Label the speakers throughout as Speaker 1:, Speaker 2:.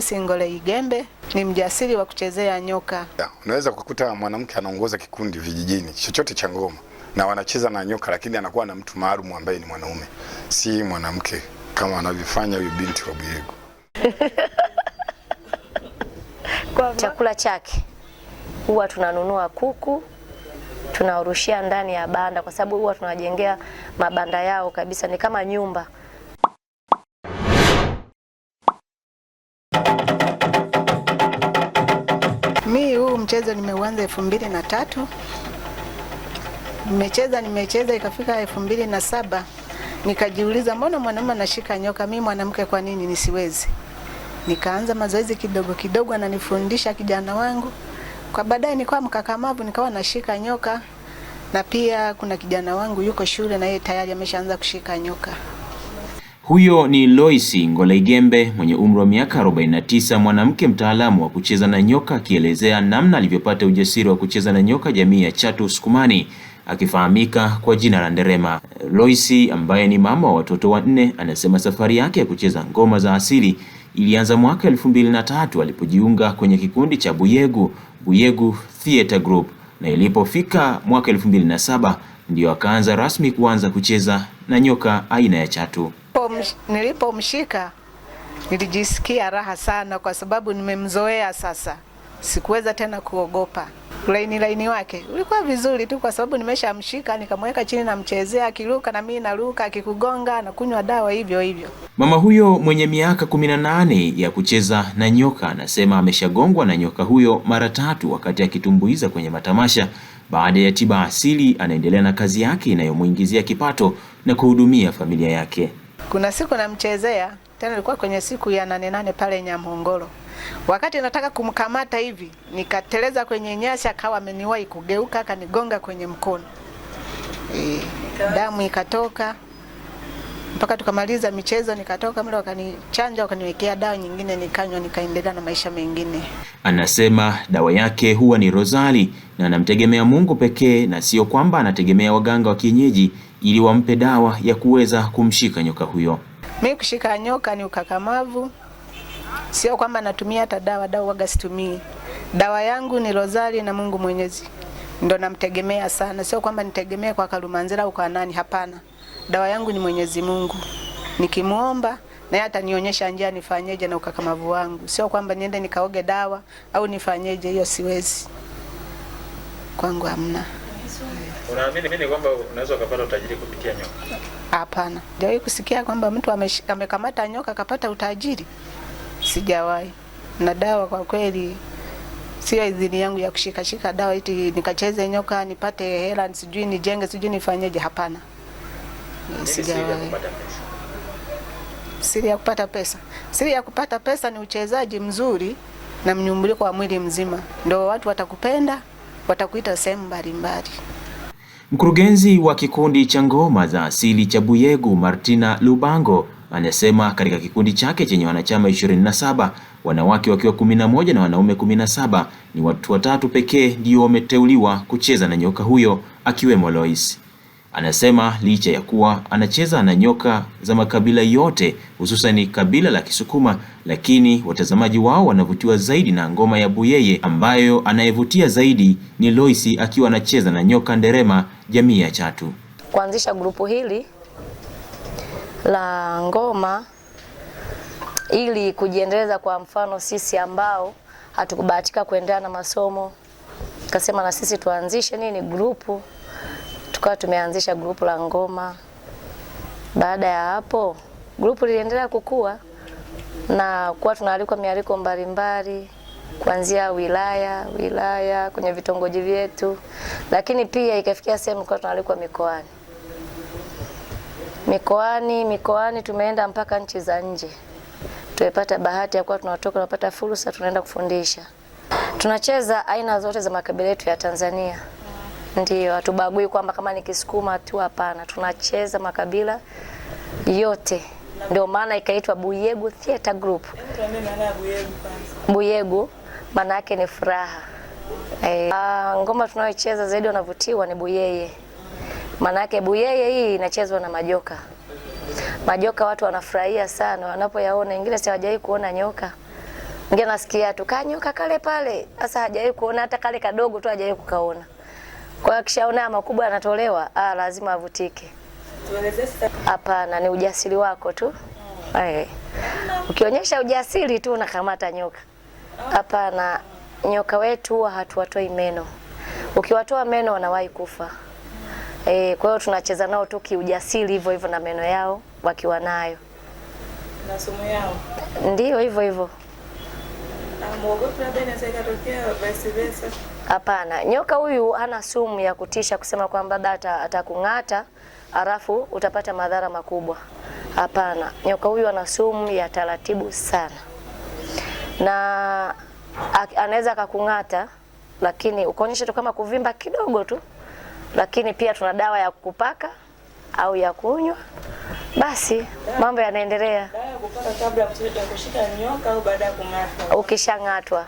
Speaker 1: Julius Ngole Igembe ni mjasiri wa kuchezea nyoka.
Speaker 2: Ya, unaweza kukuta mwanamke anaongoza kikundi vijijini chochote cha ngoma na wanacheza na nyoka, lakini anakuwa na mtu maalum ambaye ni mwanaume, si mwanamke kama anavyofanya huyu binti wa Buyego.
Speaker 3: Chakula chake huwa tunanunua kuku tunawarushia ndani ya banda, kwa sababu huwa tunawajengea mabanda yao kabisa, ni kama nyumba.
Speaker 4: mchezo nimeuanza elfu mbili na tatu nimecheza nimecheza ikafika elfu mbili na saba nikajiuliza mbona mwanaume anashika nyoka, mi mwanamke, kwa nini nisiwezi? Nikaanza mazoezi kidogo kidogo, ananifundisha kijana wangu, kwa baadaye nikawa mkakamavu, nikawa nashika nyoka, na pia kuna kijana wangu yuko shule na yeye tayari ameshaanza kushika nyoka.
Speaker 5: Huyo ni Loisi ngolaigembe mwenye umri wa miaka 49, mwanamke mtaalamu wa kucheza na nyoka akielezea namna alivyopata ujasiri wa kucheza na nyoka jamii ya chatu Usukumani akifahamika kwa jina la Nderema. Loisi ambaye ni mama wa watoto wanne anasema safari yake ya kucheza ngoma za asili ilianza mwaka elfu mbili na tatu alipojiunga kwenye kikundi cha Buyegu Buyegu Theatre Group na ilipofika mwaka elfu mbili na saba ndiyo akaanza rasmi kuanza kucheza na nyoka aina ya chatu
Speaker 6: nilipomshika nilijisikia raha sana, kwa sababu nimemzoea sasa, sikuweza tena kuogopa. Laini laini wake ulikuwa vizuri tu, kwa sababu nimeshamshika nikamweka chini, namchezea, akiruka na mimi naruka, akikugonga na kunywa dawa hivyo hivyo.
Speaker 5: Mama huyo mwenye miaka kumi na nane ya kucheza na nyoka anasema ameshagongwa na nyoka huyo mara tatu wakati akitumbuiza kwenye matamasha. Baada ya tiba asili, anaendelea na kazi yake inayomwingizia kipato na kuhudumia familia yake.
Speaker 6: Kuna siku namchezea tena, ilikuwa kwenye siku ya nane nane pale Nyamhongolo. Wakati nataka kumkamata hivi, nikateleza kwenye nyasi, akawa ameniwahi kugeuka, akanigonga kwenye mkono e, damu ikatoka mpaka tukamaliza michezo, nikatoka mle, wakanichanja, wakaniwekea dawa nyingine, nikanywa, nikaendelea na maisha mengine.
Speaker 5: Anasema dawa yake huwa ni rozari na anamtegemea Mungu pekee, na sio kwamba anategemea waganga wa kienyeji ili wampe dawa ya kuweza kumshika nyoka huyo.
Speaker 7: Mimi kushika nyoka ni ukakamavu, sio kwamba natumia hata dawa. Dawa waga situmii. Dawa yangu ni rozari na Mungu Mwenyezi ndo namtegemea sana, sio kwamba nitegemee kwa Kalumanzira au kwa nani. Hapana, dawa yangu ni Mwenyezi Mungu, nikimwomba naye atanionyesha njia nifanyeje na ukakamavu wangu, sio kwamba niende nikaoge dawa au nifanyeje. Hiyo siwezi kwangu, hamna.
Speaker 8: Unaamini mimi kwamba unaweza ukapata utajiri kupitia nyoka?
Speaker 7: Hapana, sijawahi kusikia kwamba mtu amekamata nyoka akapata utajiri, sijawahi. Na dawa kwa kweli sio idhini yangu ya kushikashika dawa iti nikacheze nyoka nipate hela sijui nijenge sijui nifanyeje. Hapana, sijawahi. Siri ya kupata pesa, siri ya kupata pesa ni uchezaji mzuri na mnyumbuliko wa mwili mzima, ndio watu watakupenda, watakuita sehemu mbalimbali.
Speaker 5: Mkurugenzi wa kikundi cha ngoma za asili cha Buyegu Martina Lubango anasema katika kikundi chake chenye wanachama 27, wanawake wakiwa 11 na wanaume 17, ni watu watatu pekee ndio wameteuliwa kucheza na nyoka huyo akiwemo Lois. Anasema licha ya kuwa anacheza na nyoka za makabila yote hususan kabila la Kisukuma, lakini watazamaji wao wanavutiwa zaidi na ngoma ya Buyeye, ambayo anayevutia zaidi ni Loisi akiwa anacheza na nyoka nderema jamii ya chatu.
Speaker 3: Kuanzisha grupu hili la ngoma ili kujiendeleza, kwa mfano sisi ambao hatukubahatika kuendelea na masomo, kasema na sisi tuanzishe nini grupu tukawa tumeanzisha grupu la ngoma. Baada ya hapo, grupu liliendelea kukua na kuwa tunaalikwa mialiko mbalimbali kuanzia wilaya wilaya, kwenye vitongoji vyetu, lakini pia ikafikia sehemu kwa tunaalikwa mikoani mikoani mikoani, tumeenda mpaka nchi za nje. Tumepata bahati ya kuwa tunatoka tunapata fursa, tunaenda kufundisha. Tunacheza aina zote za makabila yetu ya Tanzania. Ndio, hatubagui kwamba kama ni Kisukuma tu, hapana, tunacheza makabila yote, ndio maana ikaitwa Buyegu Theater Group. Buyegu maana yake ni furaha. E, ngoma tunayocheza zaidi wanavutiwa ni buyeye, maana yake buyeye hii inachezwa na majoka. Majoka watu wanafurahia sana wanapoyaona, ingine si hawajawahi kuona nyoka ngia nasikia tu kanyoka kale pale, sasa hajawahi kuona hata kale kadogo tu hajawahi kukaona. Kwa akishaona makubwa anatolewa, ah, lazima avutike. Hapana, ni ujasiri wako tu. Ukionyesha ujasiri tu unakamata nyoka. Hapana, nyoka wetu huwa hatuwatoi meno. Ukiwatoa meno wanawahi kufa. E, kwa hiyo tunacheza nao tu kiujasiri hivyo hivyo na meno yao wakiwa nayo.
Speaker 8: Na sumu yao.
Speaker 3: Ndiyo hivyo hivyo
Speaker 8: labda inaweza ikatokea vice versa.
Speaker 3: Hapana, nyoka huyu hana sumu ya kutisha kusema kwamba labda atakung'ata alafu utapata madhara makubwa. Hapana, nyoka huyu ana sumu ya taratibu sana, na anaweza akakung'ata, lakini ukaonyesha tu kama kuvimba kidogo tu, lakini pia tuna dawa ya kupaka au ya kunywa, basi mambo yanaendelea
Speaker 8: kupaka kabla ya kushika nyoka au baada ya kung'atwa?
Speaker 3: Ukishang'atwa.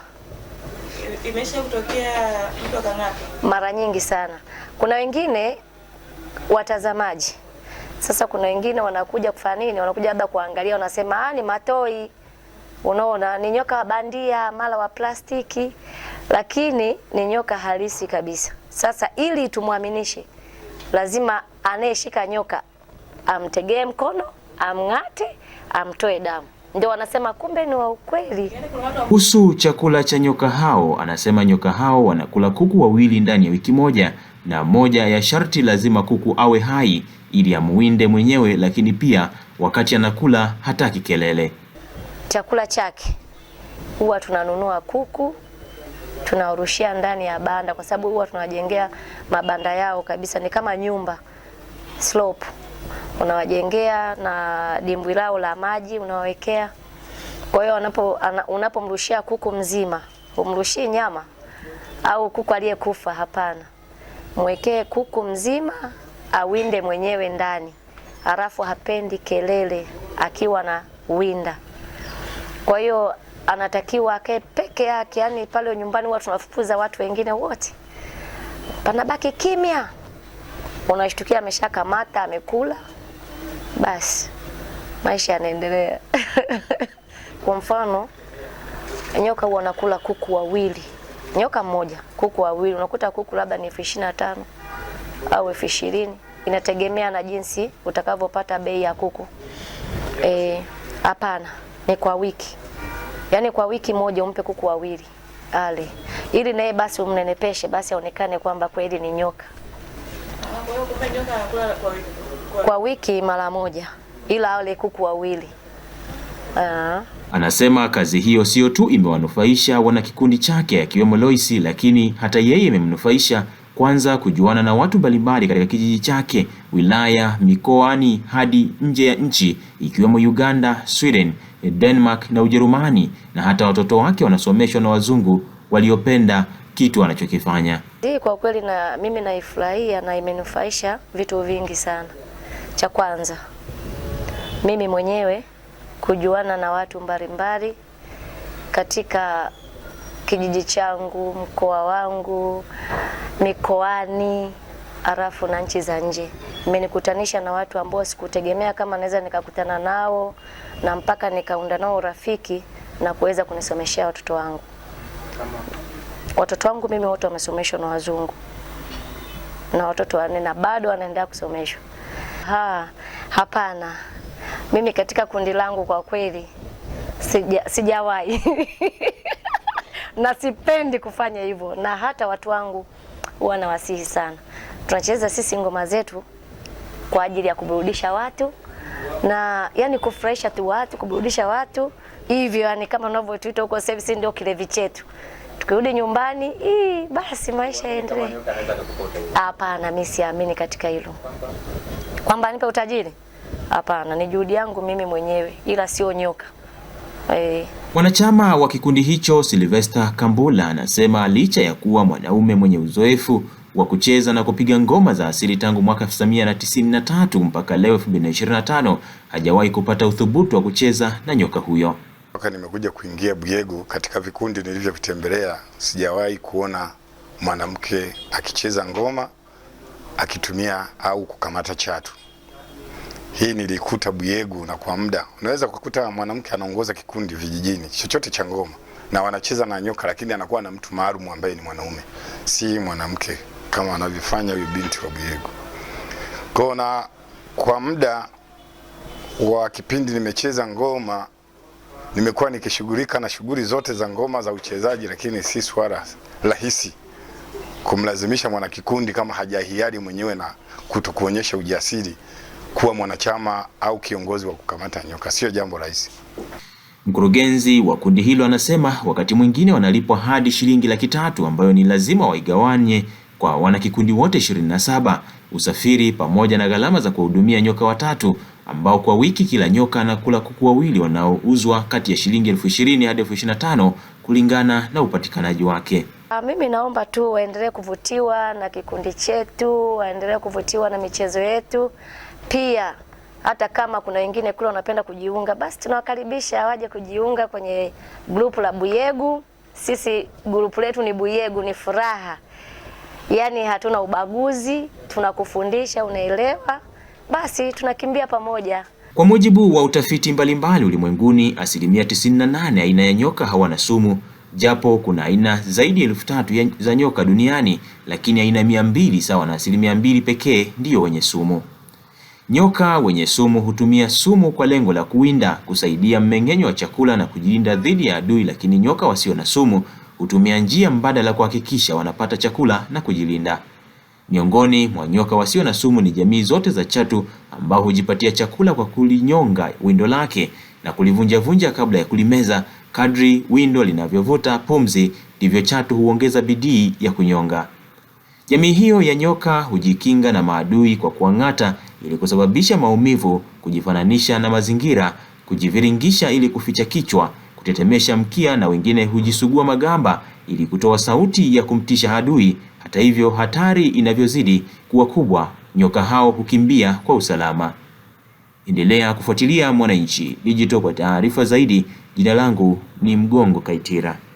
Speaker 8: Imesha kutokea mtu akang'atwa?
Speaker 3: Mara nyingi sana. Kuna wengine watazamaji sasa kuna wengine wanakuja kufanya nini? Wanakuja labda kuangalia, wanasema ah, ni matoi, unaona ni nyoka wa bandia, mala wa plastiki, lakini ni nyoka halisi kabisa. Sasa ili tumwaminishe, lazima anayeshika nyoka amtegee mkono amng'ate, amtoe damu. Ndio wanasema kumbe ni wa ukweli.
Speaker 5: Kuhusu chakula cha nyoka hao, anasema nyoka hao wanakula kuku wawili ndani ya wiki moja, na moja ya sharti lazima kuku awe hai ili amuwinde mwenyewe, lakini pia wakati anakula hataki kelele.
Speaker 3: Chakula chake huwa tunanunua kuku tunawarushia ndani ya banda, kwa sababu huwa tunawajengea mabanda yao kabisa, ni kama nyumba slope unawajengea na dimbwi lao la maji unawawekea. Kwa hiyo unapo unapomrushia kuku mzima, umrushii nyama au kuku aliyekufa, hapana. Mwekee kuku mzima awinde mwenyewe ndani, halafu hapendi kelele akiwa na winda. Kwa hiyo anatakiwa akae peke yake, yani pale nyumbani huwa tunafukuza watu wengine wote, panabaki kimya, unashtukia ameshakamata amekula basi maisha yanaendelea. Kwa mfano nyoka huwa anakula kuku wawili, nyoka mmoja, kuku wawili. Unakuta kuku labda ni elfu ishirini na tano au elfu ishirini inategemea na jinsi utakavyopata bei ya kuku. E, hapana, e, ni kwa wiki, yaani kwa wiki moja umpe kuku wawili ale, ili naye basi umnenepeshe, basi aonekane kwamba kweli ni nyoka. Kwa wiki mara moja, ila wale kuku wawili.
Speaker 5: Ah. Anasema kazi hiyo sio tu imewanufaisha wana kikundi chake akiwemo Loisi, lakini hata yeye imemnufaisha kwanza kujuana na watu mbalimbali katika kijiji chake, wilaya, mikoani hadi nje ya nchi ikiwemo Uganda, Sweden, Denmark na Ujerumani, na hata watoto wake wanasomeshwa na wazungu waliopenda kitu anachokifanya.
Speaker 3: Kwa kweli na mimi naifurahia na imenufaisha vitu vingi sana. Cha kwanza mimi mwenyewe kujuana na watu mbalimbali katika kijiji changu, mkoa wangu, mikoani, halafu na nchi za nje. Imenikutanisha na watu ambao sikutegemea kama naweza nikakutana nao na mpaka nikaunda nao urafiki na kuweza kunisomeshea watoto wangu. Watoto wangu mimi wote wamesomeshwa na wazungu na watoto wanne na bado wanaendelea kusomeshwa. Ha, hapana. Mimi katika kundi langu kwa kweli sija, sijawahi na sipendi kufanya hivyo, na hata watu wangu wanawasihi sana. Tunacheza sisi ngoma zetu kwa ajili ya kuburudisha watu na yani kufurahisha tu watu, kuburudisha watu hivyo, yani kama unavyotuita huko service, ndio kilevi chetu. Tukirudi nyumbani ii, basi maisha yaendelee. Hapana, mimi siamini katika hilo kwamba anipe utajiri hapana, ni juhudi yangu mimi mwenyewe, ila sio nyoka
Speaker 5: e. Eh. Mwanachama wa kikundi hicho Sylvester Kambula anasema licha ya kuwa mwanaume mwenye uzoefu wa kucheza na kupiga ngoma za asili tangu mwaka 1993 mpaka leo 2025, hajawahi kupata uthubutu wa kucheza na nyoka huyo.
Speaker 2: Toka nimekuja kuingia Buyegu, katika vikundi nilivyovitembelea, sijawahi kuona mwanamke akicheza ngoma akitumia au kukamata chatu. Hii nilikuta Buyegu, na kwa muda unaweza kukuta mwanamke anaongoza kikundi vijijini chochote cha ngoma na wanacheza na nyoka, lakini anakuwa na mtu maalum ambaye ni mwanaume, si mwanamke kama anavyofanya huyu binti wa Buyegu. Kwa na kwa muda wa kipindi nimecheza ngoma, nimekuwa nikishughulika na shughuli zote za ngoma za uchezaji, lakini si swala rahisi kumlazimisha mwanakikundi kama hajahiari mwenyewe na kutokuonyesha ujasiri kuwa mwanachama au kiongozi wa kukamata nyoka sio jambo rahisi.
Speaker 5: Mkurugenzi wa kundi hilo anasema wakati mwingine wanalipwa hadi shilingi laki tatu ambayo ni lazima waigawanye kwa wanakikundi wote 27, usafiri pamoja na gharama za kuwahudumia nyoka watatu ambao kwa wiki kila nyoka anakula kuku wawili wanaouzwa kati ya shilingi elfu ishirini hadi elfu ishirini na tano kulingana na upatikanaji wake.
Speaker 3: Ah, mimi naomba tu waendelee kuvutiwa na kikundi chetu, waendelee kuvutiwa na michezo yetu pia hata kama kuna wengine kule wanapenda kujiunga, basi tunawakaribisha waje kujiunga kwenye grupu la Buyegu. Sisi grupu letu ni Buyegu, ni furaha, yaani hatuna ubaguzi, tunakufundisha, unaelewa, basi tunakimbia pamoja.
Speaker 5: Kwa mujibu wa utafiti mbalimbali ulimwenguni, asilimia 98 aina ya nyoka hawana sumu Japo kuna aina zaidi ya elfu tatu za nyoka duniani, lakini aina mia mbili sawa na asilimia mbili pekee ndiyo wenye sumu. Nyoka wenye sumu hutumia sumu kwa lengo la kuwinda, kusaidia mmeng'enyo wa chakula na kujilinda dhidi ya adui, lakini nyoka wasio na sumu hutumia njia mbadala kuhakikisha wanapata chakula na kujilinda. Miongoni mwa nyoka wasio na sumu ni jamii zote za chatu ambao hujipatia chakula kwa kulinyonga windo lake na kulivunjavunja kabla ya kulimeza Kadri windo linavyovuta pumzi ndivyo chatu huongeza bidii ya kunyonga. Jamii hiyo ya nyoka hujikinga na maadui kwa kuang'ata ili kusababisha maumivu, kujifananisha na mazingira, kujiviringisha ili kuficha kichwa, kutetemesha mkia na wengine hujisugua magamba ili kutoa sauti ya kumtisha adui. Hata hivyo, hatari inavyozidi kuwa kubwa, nyoka hao hukimbia kwa usalama. Endelea kufuatilia Mwananchi Digital kwa taarifa zaidi. Jina langu ni Mgongo Kaitira.